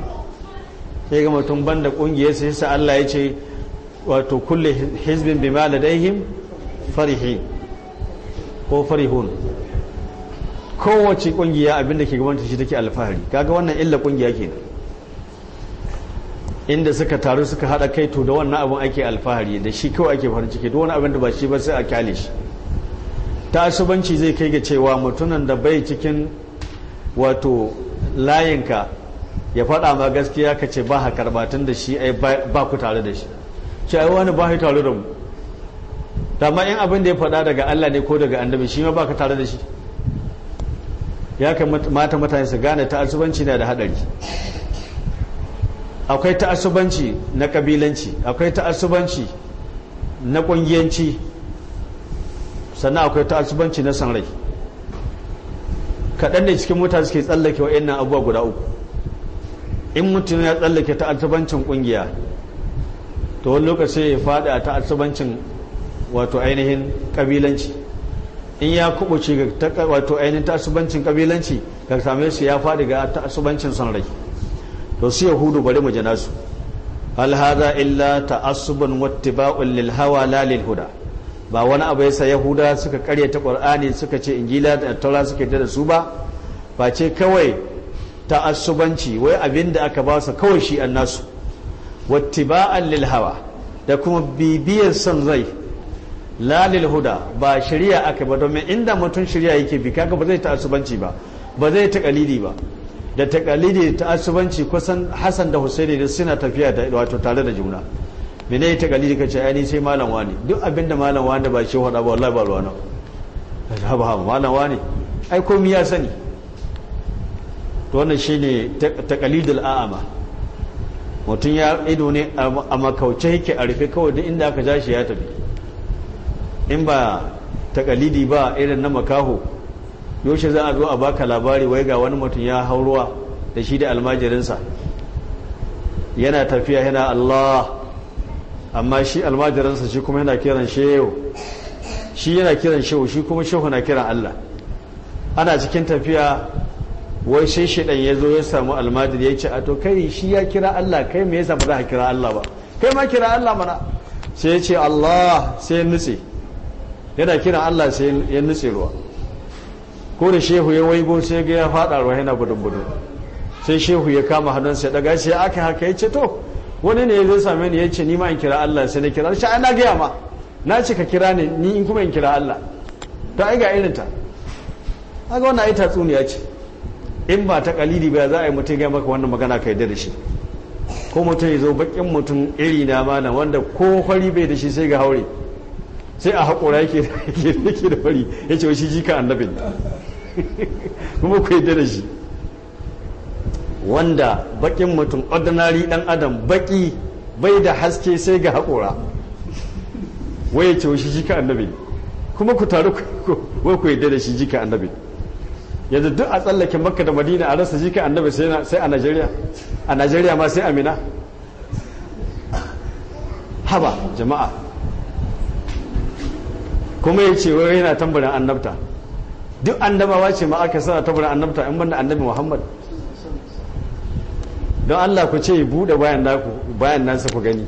sai ga mutum banda ƙungiyar sai sa Allah ya ce wato kulle hizbin bima ladaihim farihin ko farihun kowace ƙungiya abinda ke gabanta shi take alfahari kaga wannan illa ƙungiya kenan inda suka taru suka hada kai to da wannan abin ake alfahari da shi kawai ake farin ciki duk wani abin da ba shi ba sai a kyale shi ta'assubanci zai kai ga cewa mutunan da bai cikin wato layinka ya faɗa ma gaskiya ka ce ba haka batun da shi ai ba ku tare da shi shi ai wani ba tare da mu dama in abin da ya faɗa daga Allah ne ko daga annabi shi ma ba ka tare da shi ya kamata mutane su gane asubanci na da haɗari akwai ta'assubanci na kabilanci akwai ta'assubanci na kungiyanci sannan akwai ta'assubanci na san rai kaɗan ne cikin mota suke tsallake nan abubuwa guda uku in mutum ya tsallake ta'assubancin kungiya to wani lokaci ya faɗi a ta'assubancin wato ainihin kabilanci in ya kubuce ga wato ainihin ta'assubancin kabilanci ga same su ya faɗi ga ta'assubancin san rai to su yahudu bari mu jana su hal hadha illa ta'assubun wattiba'un lil hawa la lil huda ba wani abu yasa yahuda suka karya ta qur'ani suka ce injila da taura suka da su ba ba ce kawai ta'assubanci wai abin da aka ba su kawai shi annasu wattiba'an lil hawa da kuma bibiyar son rai lalil huda ba shari'a aka ba domin inda mutum shari'a yake bi kaga ba zai ta'assubanci ba ba zai ta kalidi ba da takalidi ta asubanci kusan Hassan da Husaini da suna tafiya da wato tare da juna mene ta kalidi kace ai ni sai malam wani duk abinda malam wani ba shi wada ba wallahi ba ruwana ba ba malam wani ai komi ya sani to wannan shine taqalidul a'ama mutum ya ido ne a makauce yake a rufe kawai duk inda aka ja shi ya tafi in ba takalidi ba irin na makaho yaushe za a zo a baka labari wai ga wani mutum ya hauruwa da shi da almajirinsa yana tafiya yana Allah amma shi almajirinsa shi kuma yana kiran shehu shi yana kiran shehu shi kuma shehu na kiran Allah ana cikin tafiya wai sai shedan ya zo ya samu almajir ya ce a to kai shi ya kira Allah kai me yasa ba za ka kira Allah ba kai ma kira Allah mana sai ya ce Allah sai ya nutse yana kiran Allah sai ya nutse ruwa ko da shehu ya waibo sai ga ya fada ruwa yana gudun sai shehu ya kama hannun ya daga sai aka haka ya ce to wani ne zai same ni ya ce ni ma in kira Allah sai na kira shi ana gaya ma na ce ka kira ni ni in kuma in kira Allah ta ai ga irin ta haka wannan ai tatsuniya ce in ba ta kalili ba za a yi mutum ya maka wannan magana ka yi da shi ko mutum ya zo bakin mutum iri na mana wanda ko fari bai da shi sai ga haure sai a haƙura yake da <laughs> fari ya ce wa shi jika annabin kuma ku yi da shi wanda bakin mutum ordinary dan adam baki bai da haske sai ga haƙura waye ce shi jika annabi kuma ku taru wai ku yadda da shi jika annabi yanzu duk a tsallake makka da madina a rasa jika annabi sai a najeriya a najeriya ma sai amina haba jama'a kuma ya ce wai yana tambarin annabta duk annabawa ce ma aka sana tabarin annabta in banda annabi muhammad don allah ku ce buɗe bayan nansa ku gani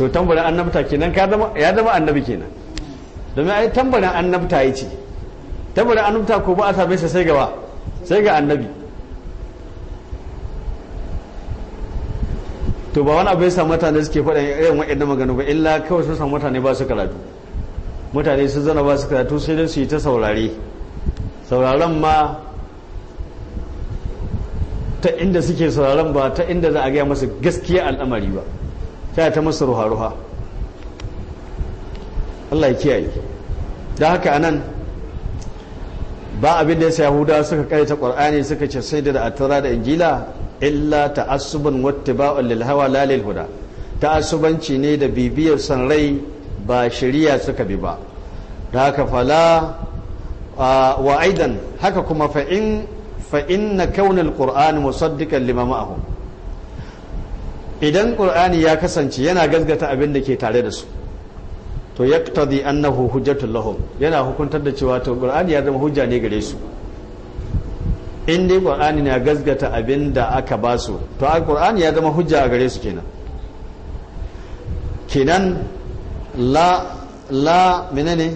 to tambarin annabta kenan ya zama annabi kenan domin ai tambarin annabta ya ce tambarin annabta ko ba a same sa sai gawa sai ga annabi to ba wani abu ya samu mutane suke faɗa irin waɗannan maganu ba illa kawai sun samu mutane ba su karatu mutane sun zana ba su karatu sai dai su yi ta saurare sauraron ma ta inda suke sauraron ba ta inda za a gaya masu gaskiya al'amari ba ta ta masu ruha-ruha Allah ya kiyaye da haka anan ba abin da ya yahuda suka ta ƙwar'ani suka ce sai da attara da injila illa ta'assuban wata lil hawa la lil huda ta'assubanci ne da bibiyar san rai ba shari'a suka bi ba da haka fala wa aidan haka kuma fa'in fa'in na kaunin ƙur'ani musaddika lima ma'ahu idan ƙur'ani ya kasance yana gasgata abin da ke tare da su to ya an annahu hujjatul lahum yana hukuntar da cewa to ƙur'ani ya zama hujja ne gare su in dai ƙur'ani na gasgata abin da aka ba su to a ƙur'ani ya zama hujja a gare su kenan kenan la la menene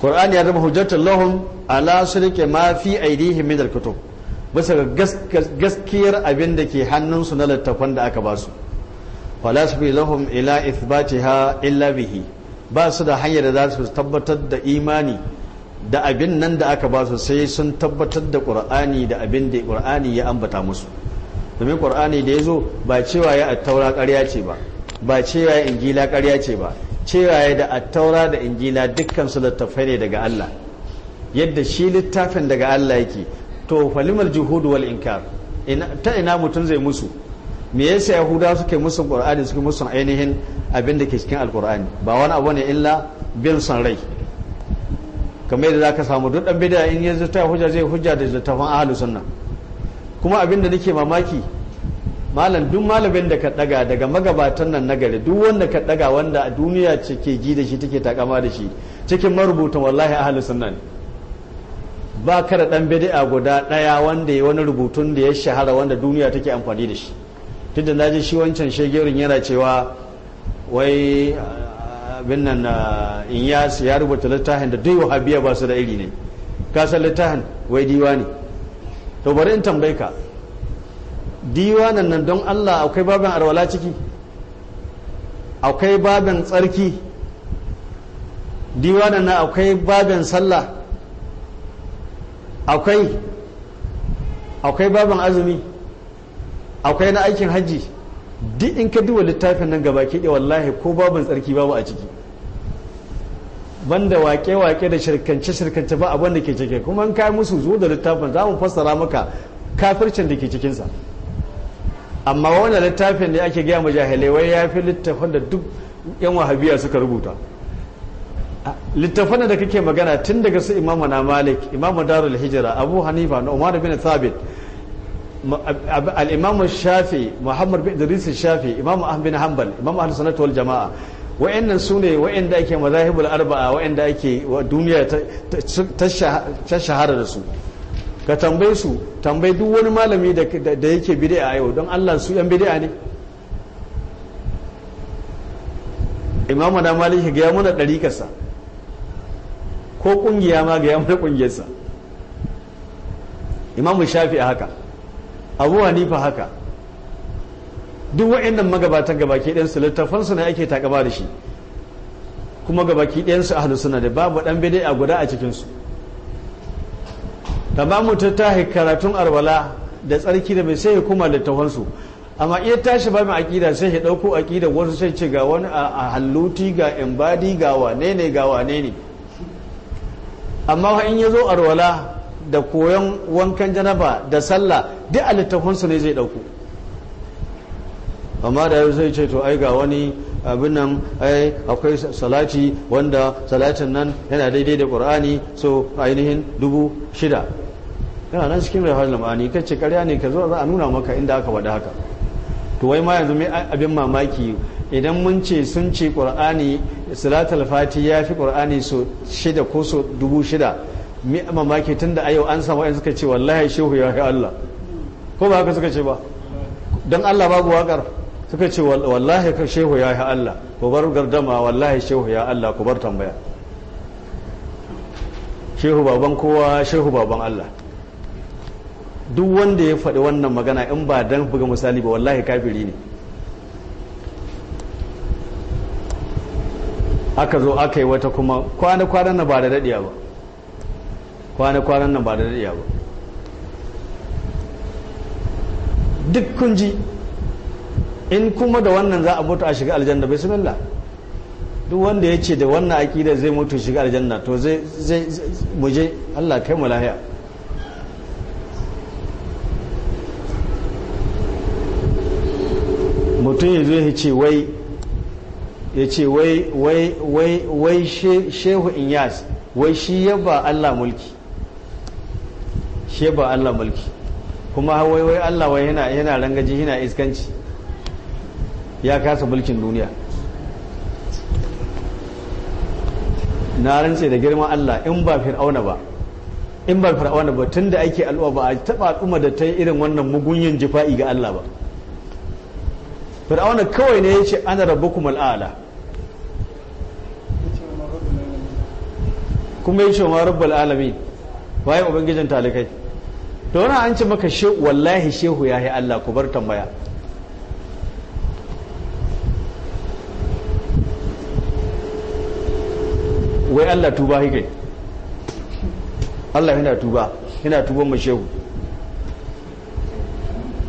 Qur'ani ya zama hujjatul lahum ala shirki ma fi aidihim min al-kutub bisa gaskiyar abinda ke hannunsu na littafan da aka ba su fala sabi lahum ila ithbatiha illa bihi ba su da hanyar da za su tabbatar da imani da abin nan da aka basu sai sun tabbatar da ƙur'ani da abin da ƙur'ani ya ambata musu domin ƙur'ani da ya zo ba cewa ya attaura ƙarya ce ba ba cewa ya injila ƙarya ce ba cewa ya da attaura da injila dukkan su littattafai ne daga Allah yadda shi littafin daga Allah yake to falimar juhudu wal inkar ta ina mutum zai musu me yasa yahuda suke musu qur'ani suke musu ainihin abin da ke cikin alqur'ani ba wani abu ne illa bin san rai kamar yadda zaka samu duk dan bid'a in yanzu ta hujja zai hujja da littafin ahlus sunna kuma abin da nake mamaki malam duk malamin da ka daga daga magabatan nan na gari duk wanda ka daga wanda a duniya ce ke ji da shi take takama da shi cikin marubutan wallahi ahlus sunna ne ba kada dan bid'a guda daya wanda ya wani rubutun da ya shahara wanda duniya take amfani da shi tunda na ji shi wancan shegerin yana cewa wai abin nan uh, in ya ya rubuta littafin da duk wahabiya ba su da iri ne ka san littafin wai diwa ne to bari in tambaye ka diwanan nan don Allah akwai babin arwala ciki akwai babin tsarki diwanan nan akwai babin sallah akwai akwai babin azumi akwai na aikin hajji duk in ka duba littafin nan gaba ke wallahi ko babin tsarki babu a ciki banda wake-wake da shirkance-shirkance ba abin da ke cike kuma in kai musu zo da littafin za mu fassara maka kafircin da ke cikinsa amma wannan littafin da ake gaya mujahilai wai ya fi littafin da duk yan wahabiya suka rubuta littafin da kake magana tun daga su imamu na malik imamu darul hijira abu hanifa na umar bin thabit al-imamu shafi muhammad bin idris shafi imamu ahmad bin hanbal imamu ahlus sunnah wal jamaa wa'annan su ne wa'anda ake mazahibul arba'a wa'anda ake duniya ta shahara da su ka tambaye su tambayi duk wani malami da yake bid'a yau don Allah su yan bid'a ne imamu da maliki ga yamuna ɗari ɗarikarsa ko ƙungiya ma ga yamuna ƙungiyarsa imamu shafi a haka abu hanifa haka duk wa'annan magabatan gabaki ɗansu littafansu na ake takaba da shi kuma gabaki ɗansu halittu suna da babu ɗan bida a guda a cikinsu amma mutum ta karatun arwala da tsarki da mai sai ya kuma littafansu amma iya tashi ba mai aƙida sai ya ɗauko aƙida wasu sai ce ga wani a halluti ga imbadi ga wane ne ga wane ne amma in ya zo arwala da koyon wankan janaba da sallah duk a littafansu ne zai ɗauko amma da yau sai ce to ai ga wani abin nan ai akwai salati wanda salatin nan yana daidai da qur'ani so ainihin dubu shida yana nan cikin rahar lamani ce karya ne ka zo za a nuna maka inda aka wada haka to wai ma yanzu mai abin mamaki idan mun ce sun ce qur'ani salatul fati ya fi qur'ani so shida ko so dubu shida mai mamaki tunda a yau an samu yan suka ce wallahi shehu ya Allah ko ba haka suka ce ba don Allah babu waƙar suka ce wallahi ka shehu ya yi Allah ku bar gardama wallahi shehu ya Allah ku bar tambaya shehu baban kowa shehu baban Allah duk wanda ya faɗi wannan magana in ba don buga misali ba wallahi kafiri ne aka zo aka yi wata kuma kwana-kwanan na ba da daɗiya ba kwana-kwanan na ba da daɗiya ba duk kun ji in kuma da wannan za a mutu a shiga aljanna bismillah duk wanda ya ce da wannan aƙidar zai mutu shiga aljanna to zai zai muje Allah kai mu lahiya mutum ya zo ya ce wai ya ce wai wai wai wai shehu inyas wai shi ya ba Allah mulki shi ya ba Allah mulki kuma wai wai Allah wai yana rangaji yana iskanci ya kasa mulkin duniya na rantse da girman Allah in ba fir'auna ba in ba fir'auna ba tunda ake al'uwa ba a taba al'umma da ta yi irin wannan mugunyin jifa'i ga Allah ba fir'auna kawai ne ya ce ana rabbukum al'ala kuma ya ce wa rabbul alamin waye ubangijin talikai to wani an ce maka shehu wallahi shehu ya yi Allah ku bar tambaya wai Allah tuba hikai Allah yana tuba yana tuban mu shehu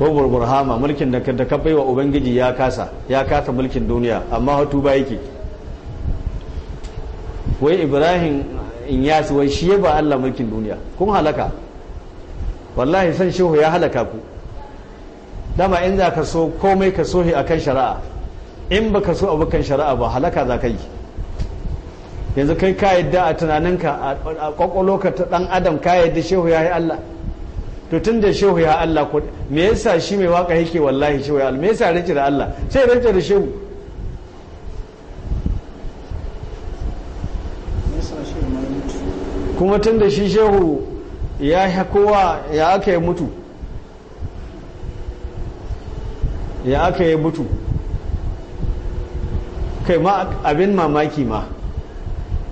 babbar burhama mulkin da ka bai wa ubangiji ya kasa ya kasa mulkin duniya amma hatu tuba yake wai ibrahim in yasi wai shi ba Allah mulkin duniya kun halaka wallahi san shehu ya halaka ku dama in za ka so komai ka sohi akan shari'a in ba ka so abokan shari'a ba halaka za ka yi yanzu kai ka yadda a tunaninka a ka ta dan adam ka yadda shehu ya yi Allah to tun da shehu ya Allah ko me yasa shi mai waka yake wallahi shehu ya Allah me yasa rance da Allah sai rance da shehu kuma tun da shi shehu ya kowa ya aka yi mutu ya aka yi mutu kai ma abin mamaki ma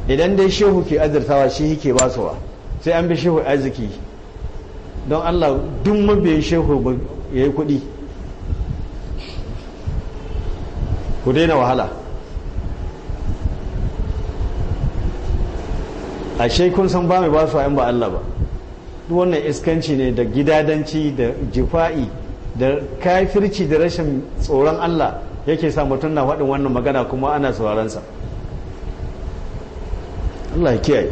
idan dai shehu ke azurtawa shi yake basuwa sai an bi shehu arziki don allah duk mabiyan shehu ya yi kudi ku daina wahala ashe kun san ba mai basuwa in ba allah ba wannan iskanci ne da gidadanci da jifa'i da kafirci da rashin tsoron allah yake sa mutum na faɗin wannan magana kuma ana sauraronsa. sa Allah ya kiyaye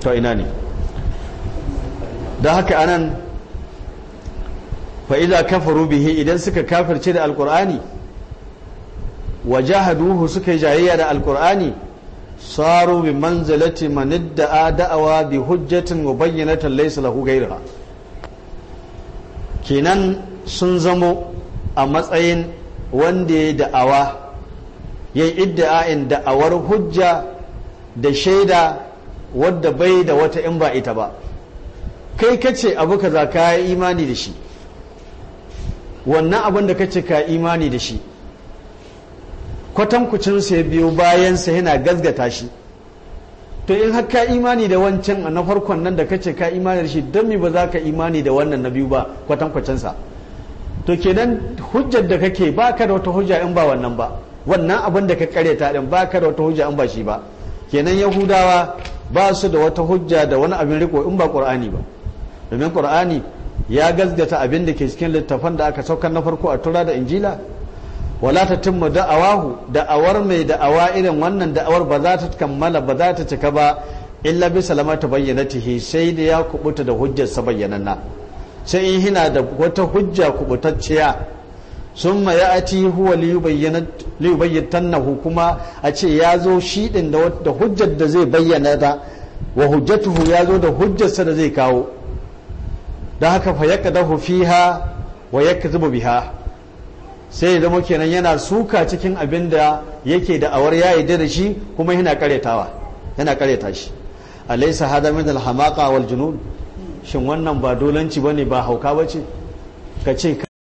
to ina ne da haka anan fa idza kafaru bihi idan suka kafirce da alqur'ani wajahaduhu suka jayayya da alqur'ani saru bi manzalati man da'a da'awa bi hujjatin wa bayyinatan laysa lahu ghayra kenan sun zamo a matsayin wanda ya da'awa yayi da da'awar hujja da shaida wadda bai da wata in ba ita ba kai kace abu kaza ka yi imani da shi wannan abin da kace ka imani da shi kwatankucin sai biyo bayan sa yana gazgata shi to in har ka imani da wancan na farkon nan da kace ka imani da shi don me ba za ka imani da wannan na biyu ba kwatankucin sa to kenan hujjar da kake baka da wata hujja in ba wannan ba wannan abin da ka ta din ba ka da wata hujja in ba shi ba kenan yahudawa ba su da wata hujja da wani abin riko in ba qur'ani ba domin qur'ani ya gazgata abin da ke cikin littafan da aka saukar na farko a tura da injila wala ta timma da'awahu da'awar mai da'awa irin wannan da'awar ba za ta kammala ba za ta cika ba illa bi ta tihi sai da ya kubuta da hujjar sa bayyananna sai in hina da wata hujja kubutacciya summa ya ati huwa na kuma a ce ya zo shi da hujjar da zai bayyana ta wa hujjatuhu ya zo da hujjarsa da zai kawo da haka fa yaqdahu fiha wa zuba biha sai ya zama kenan yana suka cikin abin da yake da awar ya yarda da shi kuma yana karetawa yana kareta shi hada min al wal shin wannan ba dolanci bane ba hauka bace ka ce